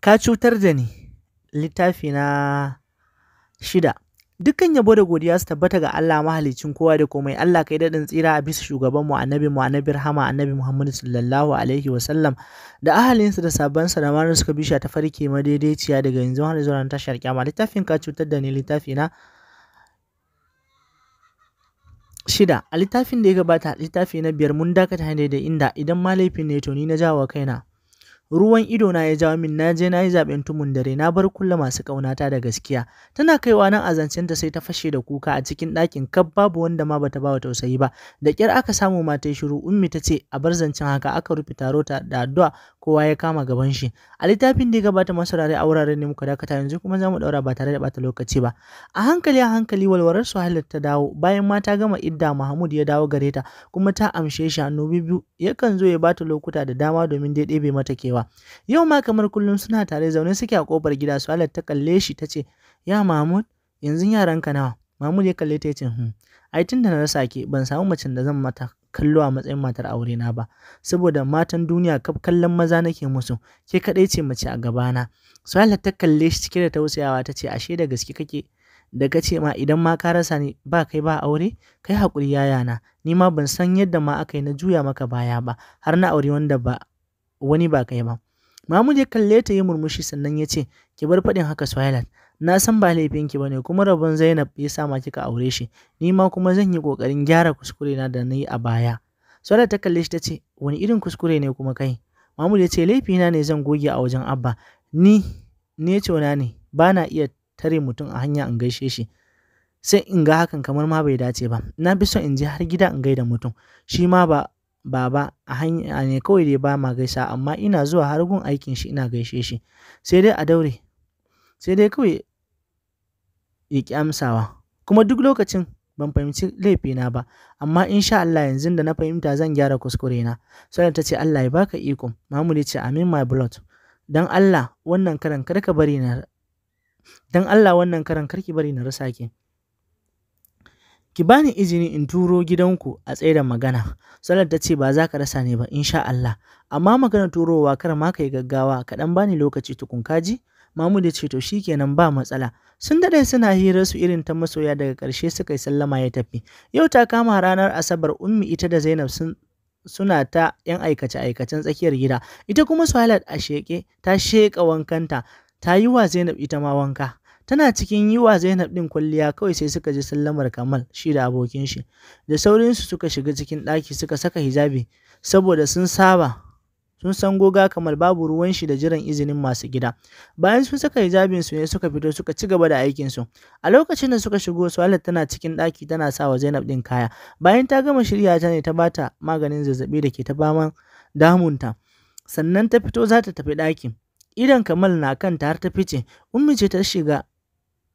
Ka cutar da ni, littafi na shida. Dukkan yabo da godiya su tabbata ga Allah mahalicin kowa da komai Allah kai daɗin tsira a bisa shugaban mu annabi mu annabi rahama annabi Muhammadu sallallahu alaihi wa sallam da ahalinsa da sabansa da marar suka bisha ta farke madaidaiciya daga yanzu har zuwa ta tashar kyama littafin ka cutar da ni littafi na shida a littafin da ya gabata littafi na biyar mun dakata ne da inda idan ma laifin ne to ni na jawo kaina ruwan ido na ya jawo min na je na yi zaɓen tumun dare na bar kulla masu ƙaunata da gaskiya tana kaiwa nan a zancen ta sai ta fashe da kuka a cikin ɗakin kab babu wanda ma bata bawa tausayi ba da ƙyar aka samu ma shiru ummi ta ce a bar zancen haka aka rufe taro ta da addu'a kowa ya kama gaban shi a littafin da ya gabata masarare a wuraren ne muka dakata yanzu kuma za mu daura ba tare da bata lokaci ba a hankali a hankali walwalar suhailat ta dawo bayan ma ta gama idda mahmud ya dawo gare ta kuma ta amshe shi hannu biyu yakan zo ya bata lokuta da dama domin dai ɗebe mata kewa yau ma kamar kullum suna tare zaune suke a kofar gida su ta kalle shi ta ce ya mahmud yanzu yaranka nawa mahmud ya kalle ta ya ce hmm, ai tun da na rasa ke ban samu macen da zan mata kallo a matsayin matar aure na ba saboda matan duniya kaf kallon maza nake musu ke kadai ce mace a gabana Sala ta kalle shi cike da tausayawa ta ce ashe da gaske kake da ka ma idan ma ka rasa ni ba kai ba aure kai haƙuri yayana ni ma ban san yadda ma aka yi na juya maka baya ba har na aure wanda ba wani ba kai ba Mahmud ya kalle ta yi murmushi sannan ya ce ki bar faɗin haka Swahilat Na san ba laifinki ba ne kuma rabon Zainab ya sa ma kika aure shi, ni ma kuma zan yi ƙoƙarin gyara kuskure na da na yi a baya. Sauda ta kalle shi ta ce, wani irin kuskure ne kuma kai? Mahmud ya ce, laifina ne zan goge a wajen Abba, ni ne cona ne, ba na iya tare mutum a hanya in gaishe shi. Sai in ga hakan kamar ma bai dace ba, na fi so in je har gida in gaida mutum, shi ma ba baba a hanya ne kawai dai ba ma gaisa amma ina zuwa har gun aikin shi ina gaishe shi sai dai a daure sai dai kawai ya amsawa kuma duk lokacin ban fahimci laifina ba amma insha Allah yanzu da na fahimta zan gyara kuskure kuskurena sai ta ce Allah ya baka iko Mahmud ya ce amin my blood dan Allah wannan karan karka bari na dan Allah wannan karan karki bari na rasa ki ki bani izini in turo gidanku a tsaida magana. Salat ta ce ba za ka rasa ni ba insha Allah. Amma magana turowa kar ma ka yi gaggawa kaɗan bani lokaci tukun kaji. Mahmud ya ce to shikenan ba matsala. Sun daɗe suna hirar su irin ta masoya daga ƙarshe suka yi sallama ya tafi. Yau ta kama ranar Asabar Ummi ita da Zainab sun suna ta 'yan aikace-aikacen tsakiyar gida. Ita kuma Suhailat a sheke ta sheƙa wankanta ta yi wa Zainab ita ma wanka. tana cikin yi wa Zainab ɗin kwalliya kawai sai suka ji sallamar Kamal shi da abokin shi da saurinsu suka shiga cikin ɗaki suka saka hijabi saboda sun saba sun san goga Kamal babu ruwan shi da jiran izinin masu gida bayan sun saka hijabin su ne suka fito suka ci gaba da aikin su a lokacin da suka shigo Salat tana cikin ɗaki tana sawa Zainab ɗin kaya bayan ta gama shirya ta ne ta bata maganin zazzabi da ke ta faman damunta sannan ta fito za ta tafi ɗakin idan Kamal na kanta har ta fice ummi ce ta shiga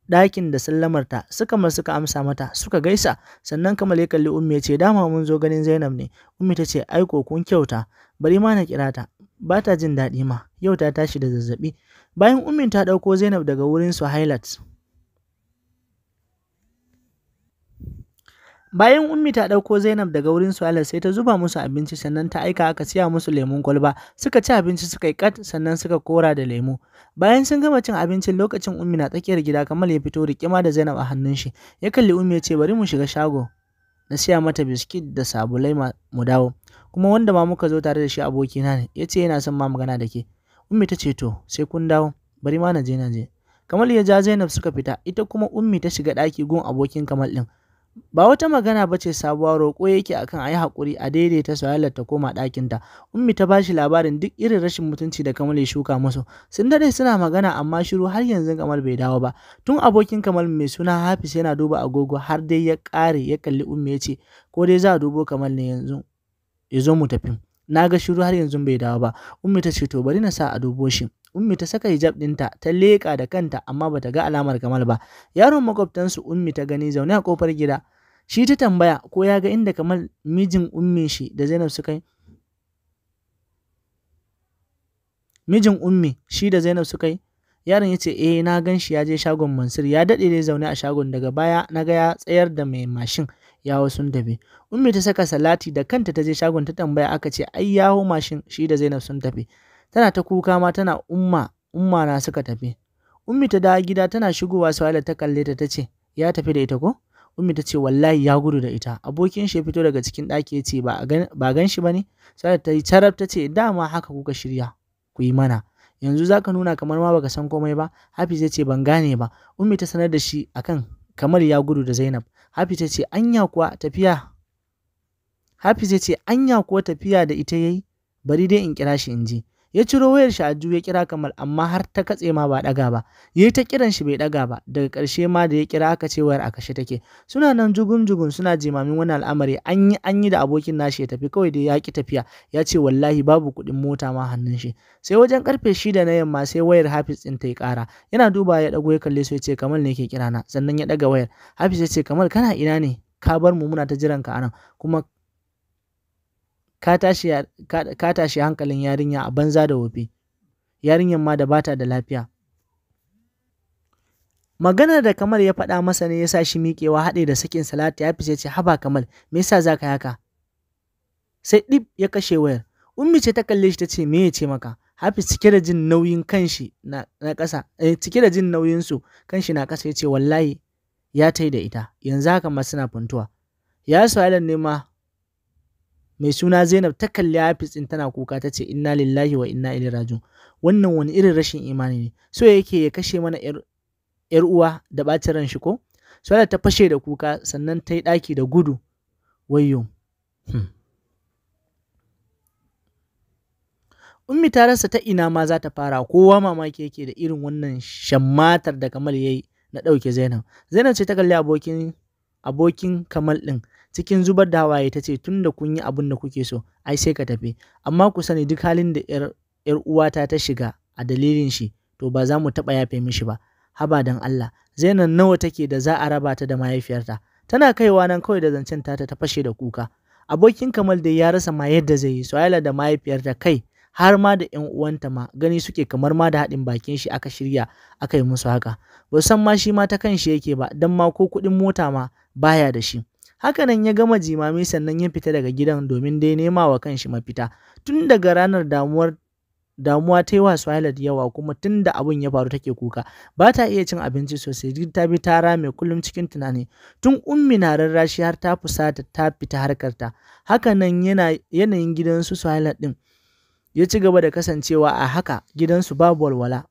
ɗakin da sallamarta suka masu suka amsa mata suka gaisa sannan kamar ya kalli ummi ya ce dama mun zo ganin zainab ne ummi ta ce aiko kun kyauta bari ma na kira ta ba ta jin daɗi ma yau ta tashi da zazzaɓi bayan ummin ta ɗauko zainab daga wurin su highlights Bayan Ummi ta ɗauko Zainab daga wurin Su'aila sai ta zuba musu abinci sannan ta aika aka siya musu lemun kwalba. Suka ci abinci suka yi kat sannan suka kora da lemu. Bayan sun gama cin abincin lokacin Ummi na tsakiyar gida Kamal ya fito rikima da Zainab a hannun shi. Ya kalli Ummi ya ce bari mu shiga shago. Na siya mata biskit da sabulai mu dawo. Kuma wanda ma muka zo tare da shi abokina ne. Ya ce yana son ma magana da ke. Ummi ta ce to sai kun dawo. Bari ma na je na je. Kamal ya ja Zainab suka fita. Ita kuma Ummi ta shiga ɗaki gun abokin Kamal ɗin. Ba wata magana ba ce sabuwa, roƙo yake akan a yi haƙuri a daidaita Suhaila ta koma ɗakinta. Ummi ta bashi labarin duk irin rashin mutunci da Kamal ya shuka musu. Sun daɗe suna magana amma shiru har yanzu Kamal bai dawo ba. Tun abokin Kamal mai suna hafis yana duba agogo har dai ya ƙare ya kalli Ummi ya ce, ko dai za a dubo Kamal ne yanzu. Ya zo mu tafi. Na ga shiru har yanzu bai dawo ba. Ummi ta ce to bari na sa a dubo shi. Ummi ta saka hijab dinta ta leƙa da kanta amma bata ga alamar Kamal ba. Yaron makwabtansu Ummi ta gani zaune a kofar gida. Shi ta tambaya ko ya ga inda Kamal mijin Ummi shi da Zainab suka yi. Mijin Ummi shi da Zainab suka yi. Yaron ya ce eh na gan shi ya je shagon Mansur ya daɗe dai zaune a shagon daga baya na ga ya tsayar da mai mashin. yawo sun tafi. Ummi ta saka salati da kanta ta je shagon ta tambaya aka ce ai yawo mashin shi da Zainab sun tafi. tana ta kuka ma tana umma umma na suka tafi ummi ta dawo gida tana shigowa suwaila ta kalle ta ta ce ya tafi da ita ko ummi ta ce wallahi ya gudu da ita abokin shi ya fito daga cikin ɗaki ya ce ba gan shi ba ne suwaila ta yi carab ta ce dama haka kuka shirya ku yi mana yanzu za ka nuna kamar ma baka san komai ba hafiz ya ce ban gane ba ummi ta sanar da shi akan kamar ya gudu da zainab hafiz ya ce anya kuwa tafiya hafiz ya ce anya kuwa tafiya da ita yayi bari dai in kira shi in ji ya ciro wayar shi a ya kira kamal amma har ta katse ma ba daga ba yayi ta kiran shi bai daga ba daga karshe ma da ya kira aka ce wayar a kashe take suna nan jugum jugum suna jimamin wani al'amari an yi an yi da abokin nashi ya tafi kawai da ya ki tafiya ya ce wallahi babu kuɗin mota ma hannun shi sai wajen karfe shida na yamma sai wayar hafiz din ta yi kara yana duba ya dago ya kalle su ya ce kamal ne ke kirana sannan ya daga wayar hafiz ya ce kamal kana ina ne ka bar mu muna ta jiran ka anan kuma ka tashi hankalin yarinya a banza da wofi yarinyar ma da bata da lafiya maganar da kamar ya faɗa masa ne ya sa shi miƙewa haɗe da sakin salati ya fice ce haba kamar, me yasa za ka haka sai ɗib ya kashe wayar ummi ce ta kalle shi ta ce me ya ce maka Hafi cike da jin nauyin kanshi na ƙasa eh cike da jin nauyin su kanshi na ƙasa ya ce wallahi ya tai da ita yanzu haka ma suna funtuwa ya su ne ma mai suna Zainab ta kalli Hafiz din tana kuka ta ce inna lillahi wa inna ilaihi rajiun wannan wani irin rashin imani ne so yake ya kashe mana yar uwa da bacin ran shi ko Suwala ta fashe da kuka sannan ta yi ɗaki da gudu wayyo hmm. Ummi ta rasa ta ina ma za ta fara kowa mamaki yake da irin wannan shammatar da Kamal yayi na ɗauke Zainab. Zainab ce ta kalli abokin abokin Kamal ɗin cikin zubar da hawaye ta ce tun da kun yi abin da kuke so ai sai ka tafi amma ku sani duk halin da yar uwata ta shiga a dalilin shi to ba za mu taɓa yafe mishi ba haba dan Allah zainan nawa take da za a raba ta da mahaifiyarta tana kaiwa nan kawai da zancen tata ta fashe da kuka abokin kamal da ya rasa ma yadda zai yi soyayya da mahaifiyarta kai har ma da yan uwanta ma gani suke kamar ma da haɗin bakin shi aka shirya aka yi musu haka ba san ma shi ma ta kan yake ba dan ma ko kuɗin mota ma baya da shi Hakanan ya gama jimami sannan ya fita daga gidan domin dai nema wa kanshi mafita. Tun daga ranar damuwar damuwa ta yi wa Swahilat yawa kuma tun da abin ya faru take kuka ba ta iya cin abinci sosai duk ta bi tara mai kullum cikin tunani tun ummi na rarrashi har ta fusata ta fita harkarta hakanan yana yanayin gidansu Swahilat din ya ci gaba da kasancewa a haka gidansu babu walwala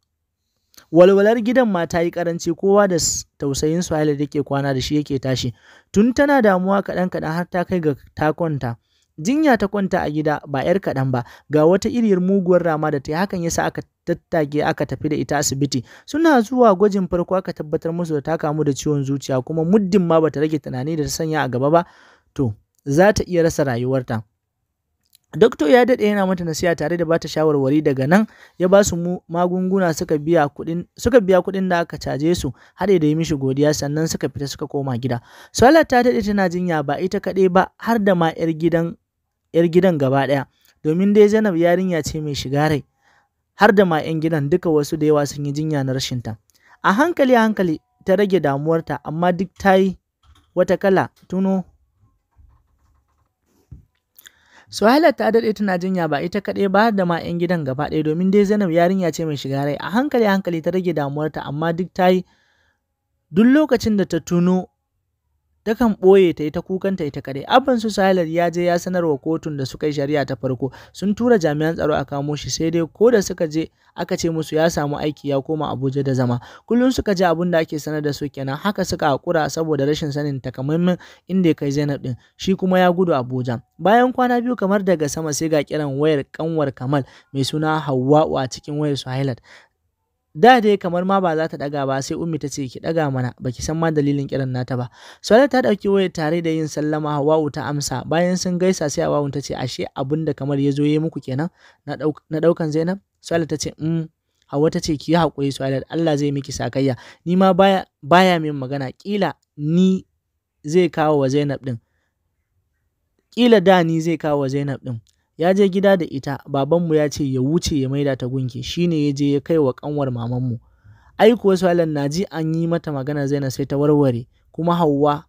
walwalar gidan ma ta yi karanci kowa da tausayin Suhaila da ke kwana da shi yake tashi tun tana damuwa kaɗan kaɗan har ta kai ga ta kwanta jinya ta kwanta a gida ba yar kaɗan ba ga wata iriyar muguwar rama da ta yi hakan yasa aka tattage aka tafi da ita asibiti suna zuwa gwajin farko aka tabbatar musu da ta kamu da ciwon zuciya kuma muddin ma bata rage tunani da ta sanya a gaba ba to za ta iya rasa rayuwarta Doktor ya daɗe yana mata nasiha tare da bata shawarwari daga nan ya ba su magunguna suka biya kuɗin suka biya kuɗin da aka caje su har da yi mishi godiya sannan suka fita suka koma gida. Salat ta daɗe tana jinya ba ita kaɗai ba har da ma 'yar gidan 'yar gidan gaba ɗaya domin dai Zainab yarinya ce mai shiga rai har da ma 'yan gidan duka wasu da yawa sun yi jinya na rashin ta. A hankali hankali ta rage damuwarta amma duk ta yi wata kala tuno Suhaila ta daɗe tana jinya ba ita kaɗai ba da ma 'yan gidan gaba ɗaya domin dai Zainab yarinya ce mai shiga rai a hankali hankali ta rage damuwarta amma duk ta yi duk lokacin da ta tuno takan ɓoye ta ita kukanta ita kadai abban su sahilar ya je ya sanarwa kotun da suka yi shari'a ta farko sun tura jami'an tsaro a kamo shi sai dai ko da suka je aka ce musu ya samu aiki ya koma abuja da zama kullum suka ji abin da ake sanar da su kenan haka suka hakura saboda rashin sanin takamaiman inda ya kai zainab din shi kuma ya gudu abuja bayan kwana biyu kamar daga sama sai ga kiran wayar kanwar kamal mai suna hawwa a cikin wayar suhailat da dai kamar ma ba za ta daga ba sai ummi ta ce ki daga mana baki san ma dalilin kiran nata ba sai ta dauki waya tare da yin sallama hawa ta amsa bayan sun gaisa sai Hawwa'u ta ce ashe abin da kamar ya zo yi muku kenan na daukan Zainab sai ta ce mm hawa ta ce ki yi hakuri sai Allah zai miki sakayya ni ma baya baya min magana kila ni zai kawo wa Zainab din kila da ni zai kawo wa Zainab din Ya je gida da ita, babanmu ya ce ya wuce ya maida ta gunki, shi ne ya je ya kai wa ƙanwar mamanmu. Ai kuwa Suhailan na ji an yi mata magana Zainab sai ta warware, kuma Hauwa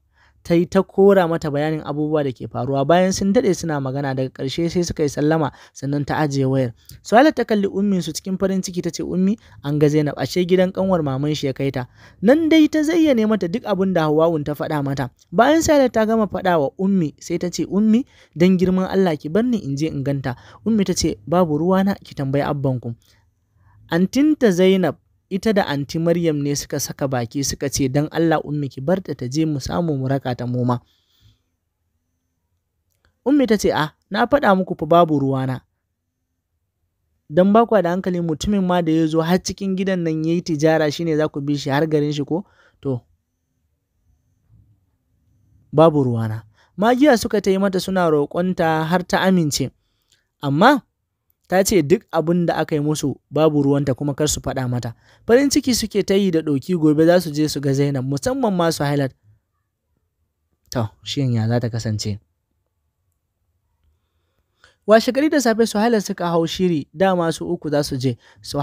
ta yi ta kora mata bayanin abubuwa da ke faruwa bayan sun daɗe suna magana daga ƙarshe sai suka yi sallama sannan ta ajiye wayar suhaila ta kalli ummin su cikin farin ciki ta ce ummi an ga zainab ashe gidan kanwar maman shi ya kai ta nan dai ta zayyane mata duk abin da hawawun ta faɗa mata bayan suhaila ta gama faɗa wa ummi sai ta ce ummi dan girman allah ki bar ni in je in ganta ummi ta ce babu ruwana ki tambayi abbanku antinta zainab ita da anti Maryam ne suka saka baki suka ce don Allah ummi ki barta ta je mu samu mu raka ta moma. Ummi ta ce a na faɗa muku fa babu ruwana. Don ba da hankali mutumin ma da ya zo har cikin gidan nan ya yi tijara shine za ku bi shi har garin shi ko? To, babu ruwana. Magiya suka ta yi mata suna roƙonta har ta amince, amma ta ce duk abin da aka yi musu babu ruwanta kuma kar su faɗa mata farin ciki suke ta yi da ɗoki gobe za su je su ga zainab musamman ma su highlight to ya za ta kasance washe gari da safe su highlight suka hau shiri dama su uku za su je su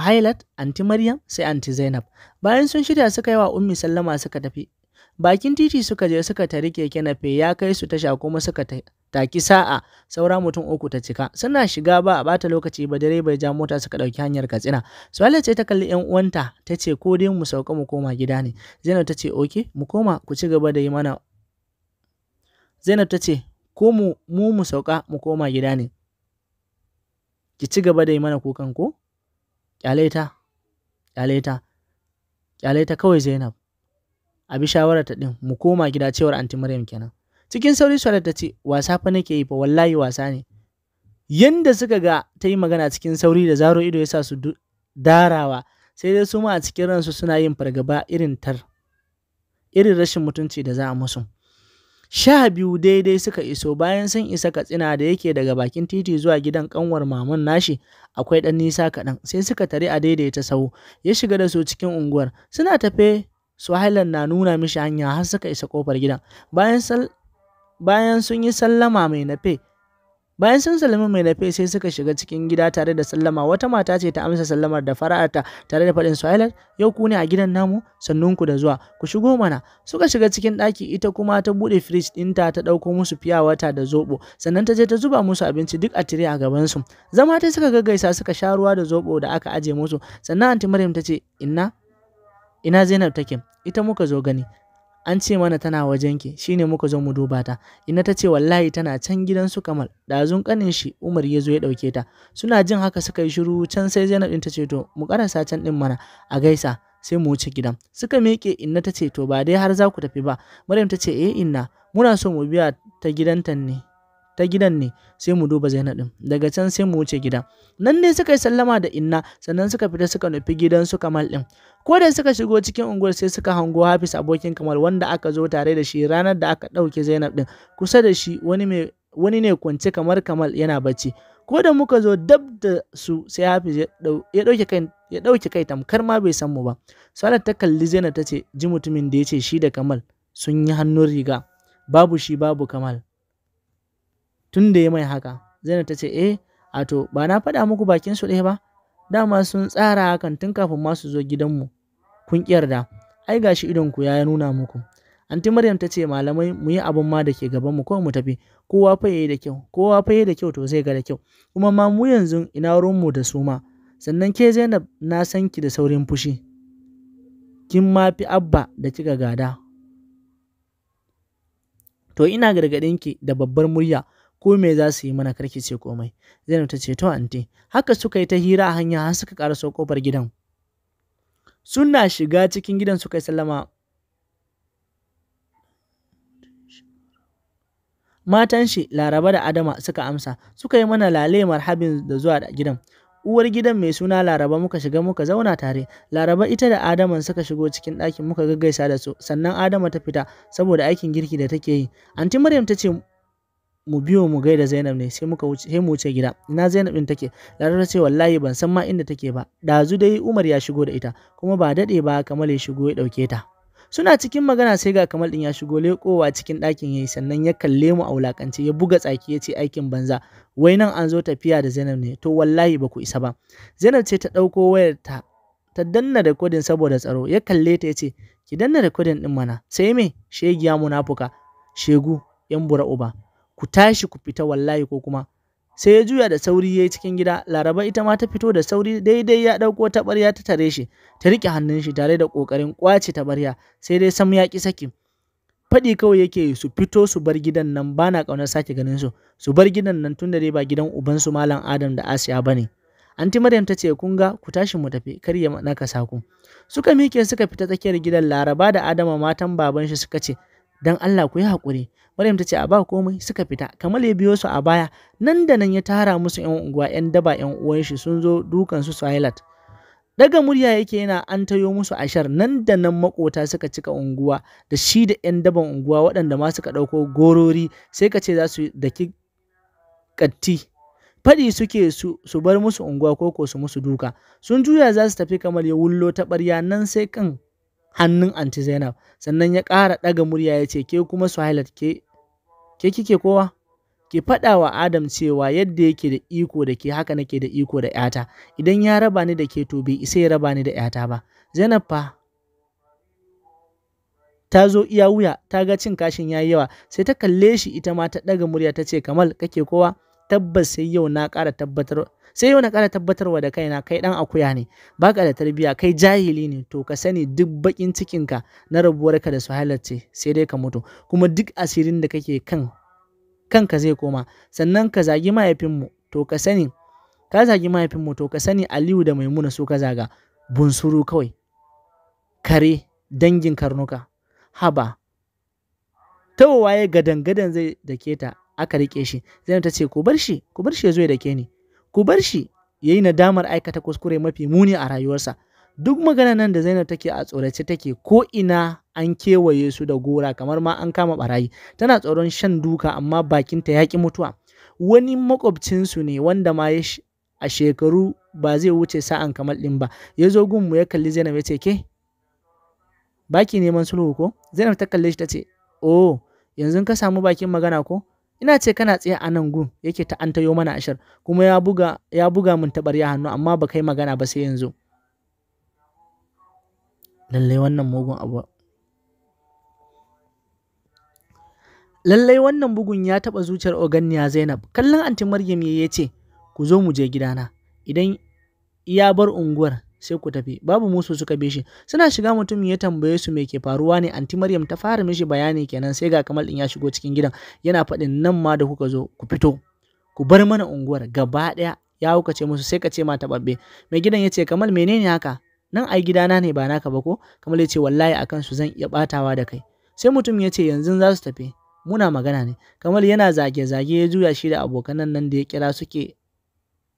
anti maryam sai anti zainab bayan sun shirya suka yi wa ummi sallama suka tafi bakin titi suka je suka tari keke nafe ya kai su tasha kuma suka taki sa'a saura mutum uku ta cika suna shiga ba a bata lokaci ba dare bai ja mota suka dauki hanyar katsina suwala ce ta kalli yan uwanta ta ce ko dai mu sauka mu koma gida ne zainab ta ce oke mu koma ku ci gaba da yi mana zainab ta ce ko mu mu mu sauka mu koma gida ne ki ci gaba da yi mana kukan ko kyale ta kyale ta kyale ta kawai zainab Abi bi shawarar ta din mu koma gida cewar anti Maryam kenan cikin sauri Salat ta ce wasa fa nake yi fa wallahi wasa ne yanda suka ga ta yi magana cikin sauri da zaro ido yasa su darawa sai dai su ma a cikin ransu suna yin fargaba irin tar irin rashin mutunci da za a musu sha biyu daidai suka iso bayan sun isa katsina da yake daga bakin titi zuwa gidan kanwar maman nashi akwai dan nisa kaɗan sai suka tare a daidaita sahu ya shiga da su cikin unguwar suna tafe Suhailan na nuna mishi hanya har suka isa kofar gidan. Bayan bayan sun yi sallama mai nafe bayan sun sallama mai nafe sai suka shiga cikin gida tare da sallama wata mata ce ta amsa sallamar da fara'arta tare da faɗin Suhailat yau ku ne a gidan namu sannunku da zuwa ku shigo mana suka shiga cikin ɗaki ita kuma ta buɗe firij ɗinta ta ɗauko musu fiya wata da zoɓo sannan ta je ta zuba musu abinci duk a tire a gaban su zama ta suka gaggaisa suka sha ruwa da zoɓo da aka aje musu sannan anti Maryam ta ce inna ina Zainab take ita muka zo gani an ce mana tana wajenki shine muka zo mu duba ta ina ta ce wallahi tana can gidan su kamal Ɗazun kanin shi umar ya zo ya dauke ta suna jin haka suka yi shiru can sai zainab din ta ce to mu karasa can din mana a gaisa sai mu wuce gidan suka meke inna ta ce to ba dai har za ku tafi ba maryam ta ce eh inna muna so mu biya ta gidanta ne ta gidan ne sai mu duba zainab din daga can sai mu wuce gida nan ne suka yi sallama da inna sannan suka fita suka nufi gidan su kamal din ko da suka shigo cikin unguwar sai suka hango hafis abokin kamal wanda aka zo tare da shi ranar da aka ɗauke zainab din kusa da shi wani mai wani ne kwance kamar kamal yana bacci ko da muka zo dab da su sai hafis ya ɗauke kai ya kai tamkar ma bai san mu ba salat ta kalli zainab ta ce ji mutumin da ya ce shi da kamal sun yi hannun riga babu shi babu kamal tun da ya mai haka zainab ta ce eh a to ba na faɗa muku bakin su ɗaya ba dama sun tsara hakan tun kafin ma su zo gidanmu kun da. ai gashi idon ku ya nuna muku anti maryam ta ce malamai mu yi abin ma da ke gaban mu kawai mu tafi kowa fa yayi da kyau kowa fa yayi da kyau to zai ga da kyau kuma ma mu yanzu ina ruwan mu da su ma sannan ke Zainab na san ki da saurin fushi kin ma fi abba da kika gada to ina gargaɗin ki da babbar murya ko me za su yi mana karki ce komai zainab ta ce to anti haka suka yi ta hira a hanya har suka ƙara kofar gidan suna shiga cikin gidan suka yi sallama matan shi laraba da adama suka amsa suka yi mana lale marhabin da zuwa gidan uwar gidan mai suna laraba muka shiga muka zauna tare laraba ita da adama suka shigo cikin ɗakin muka gaggaisa da su sannan adama ta fita saboda aikin girki da take yi anti maryam ta ce mu biyo mu gaida Zainab ne sai muka wuce mu wuce gida ina Zainab din take Lara ta ce wallahi ban san ma inda take ba dazu dai Umar ya shigo da ita kuma ba dade ba Kamal ya shigo ya dauke ta suna cikin magana sai ga Kamal din ya shigo lekowa cikin ɗakin yayi sannan ya kalle mu a wulakance ya buga tsaki ya ce aikin banza wai nan an zo tafiya da Zainab ne to wallahi ba ku isa ba Zainab ce ta dauko wayar ta ta danna rekodin saboda tsaro ya kalle ta ya ce ki danna rekodin din mana sai me shegiya munafuka shegu yan bura uba ku tashi ku fita wallahi ko kuma sai ya juya da sauri ya cikin gida laraba ita ma ta fito da sauri daidai ya ɗauko tabarya ta tare shi ta rike hannun shi tare da ƙoƙarin ƙwace taɓarya sai dai sam ya ƙi saki. faɗi kawai yake su fito su bar gidan nan ba na ƙaunar sake ganin su su bar gidan nan tun da dai ba gidan ubansu malam adam da asiya bane anti maryam ta ce kun ga ku tashi mu tafi kar ya naka saku suka mike suka fita tsakiyar gidan laraba da adama matan baban shi suka ce don Allah ku yi haƙuri Maryam ta ce a ba komai suka fita kamar ya biyo su a baya nan da nan ya tara musu yan unguwa yan daba yan uwan shi sun zo dukan su Swahilat. daga murya yake yana an tayo musu ashar nan da nan makota suka cika unguwa da shi da yan daban unguwa waɗanda ma suka ɗauko gorori sai ka ce za su daki katti faɗi suke su su bar musu unguwa ko ko su musu duka sun juya za su tafi kamar ya wullo ta ɓarya nan sai kan hannun anti Zainab sannan ya kara ɗaga murya ya ce ke kuma Suhailat ke ke kike kowa ki faɗa wa Adam cewa yadda yake da iko da ke haka nake da iko da ‘yata, idan ya raba ni da ke to bai isa ya raba ni da ‘yata ba. Zainab fa ta zo iya wuya ta ga cin kashin ya yawa sai ta kalle shi ita ma ta ɗaga murya ta ce kamal kake kowa tabbas sai yau na kara tabbatar sai yau na ƙara tabbatarwa da kaina kai ɗan akuya ne ba ka da tarbiyya kai jahili ne to ka sani duk baƙin cikinka na rabuwarka da su halarce sai dai ka mutu kuma duk asirin da kake kan kanka zai koma sannan ka zagi mahaifinmu to ka sani ka zagi mahaifinmu to ka sani aliyu da maimuna su ka zaga bunsuru kawai kare dangin karnuka haba ta waye gadan-gadan zai dake ta aka rike shi zai ta ce ku bar shi ku bar shi ya zo ya dake ni ku bar shi ya yi nadamar aikata kuskure mafi muni a rayuwarsa duk magana nan da zainab take a tsorace take ko ina an kewaye su da gora kamar ma an kama barayi tana tsoron shan duka amma bakinta ya ki mutuwa wani makwabcinsu ne wanda ma ya a shekaru ba zai wuce sa'an kamar ɗin ba ya zo gun mu ya kalli zainab ya ce ke baki neman sulhu ko zainab ta kalle shi ta ce oh yanzu ka samu bakin magana ko ina ce kana tsaye a nan gun yake ta antayo mana ashar kuma ya buga ya buga min tabarya hannu amma ba kai magana ba sai yanzu lallai wannan mugun abu lallai wannan bugun ya taɓa zuciyar oganniya zainab kallon anti maryam ya ce ku zo mu je gidana idan ya bar unguwar sai ku tafi babu musu suka bi shi suna shiga mutumin ya tambaye su me ke faruwa ne anti maryam ta fara mishi bayani kenan sai ga kamal din ya shigo cikin gidan yana faɗin nan ma da kuka zo ku fito ku bar mana unguwar gaba ɗaya ya kuka ce musu sai ka ce ma babbe mai gidan ya ce kamal menene haka nan ai gidana ne ba naka ba ko kamal ya ce wallahi akan su zan iya batawa da kai sai mutum ya ce yanzu za su tafi muna magana ne kamal yana zage-zage ya juya shi da abokanan nan da ya kira suke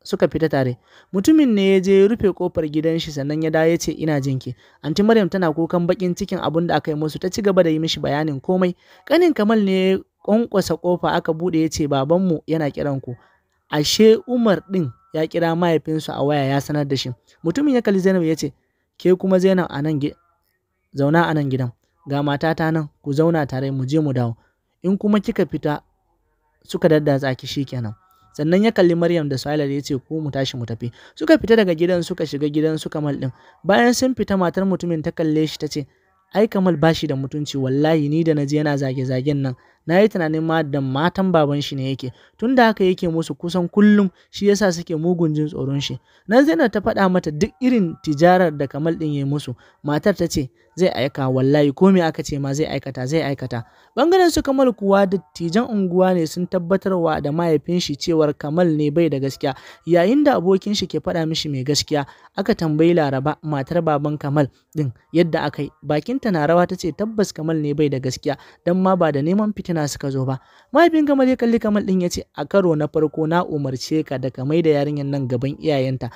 suka fita tare mutumin ne ya je ya rufe kofar gidan shi sannan ya dawo ya ce ina ki. anti maryam tana kukan bakin cikin abin da aka yi musu ta ci gaba da yi mishi bayanin komai kanin kamal ne ya kwankwasa kofa aka bude ya ce babanmu yana kiran ku ashe umar din ya kira mahaifinsu a waya ya sanar da shi mutumin ya kalli zainab ya ce ke kuma zainab a nan zauna a nan gidan ga matata nan ku zauna tare mu je mu dawo in kuma kika fita suka daddatsa ki kenan sannan ya kalli Maryam da Suhaila ya ce ko mu tashi mu tafi suka fita daga gidan suka shiga gidan su Kamal din bayan sun fita matar mutumin ta kalle shi ta ce ai Kamal bashi da mutunci wallahi ni da naji yana zage-zagen nan na yi tunanin ma da matan baban shi ne yake tun da haka yake musu kusan kullum shi yasa suke mugun jin tsoron shi nan zainab ta faɗa mata duk irin tijarar da kamal din ya musu matar ta ce zai aika wallahi ko me aka ce ma zai aikata zai aikata bangaren su kamal kuwa dattijan unguwa ne sun tabbatarwa da mahaifin shi cewar kamal ne bai da gaskiya yayin da abokin shi ke faɗa mishi mai gaskiya aka tambayi laraba matar baban kamal din yadda aka bakinta na rawa ta ce tabbas kamal ne bai da gaskiya don ma ba da neman fitina fitina suka zo ba mahaifin kamal ya kalli kamar din ya ce a karo na farko na umarce ka da ka mai da yarinyar nan gaban iyayenta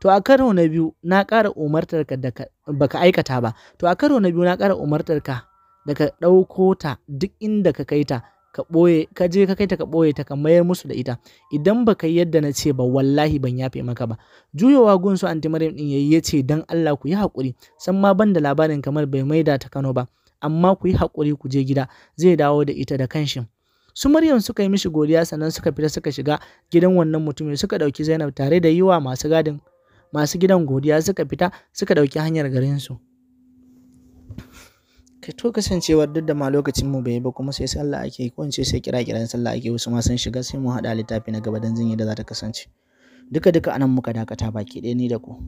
to a karo na biyu na ƙara umartar ka da baka aikata ba to a karo na biyu na ƙara umartar ka da ka ɗauko ta duk inda ka kai ta ka ɓoye ka je ka kai ta ka ɓoye ta ka mayar musu da ita idan ba ka yadda na ce ba wallahi ban yafe maka ba juyowa gunsu anti maryam din yayi yace dan Allah ku yi hakuri san ma ban labarin kamar bai maida ta Kano ba amma ku yi hakuri ku je gida zai dawo da ita da kanshi su Maryam suka yi mishi godiya sannan suka fita suka shiga gidan wannan mutumin suka dauki Zainab tare da yiwa masu gadin masu gidan godiya suka fita suka dauki hanyar garin su to kasancewar duk da ma lokacin mu bai ba kuma sai sallah ake ko in ce sai kira kiran sallah ake wasu ma sun shiga sai mu haɗa littafi na gaba don yi da za ta kasance duka duka anan muka dakata baki ɗaya ni da ku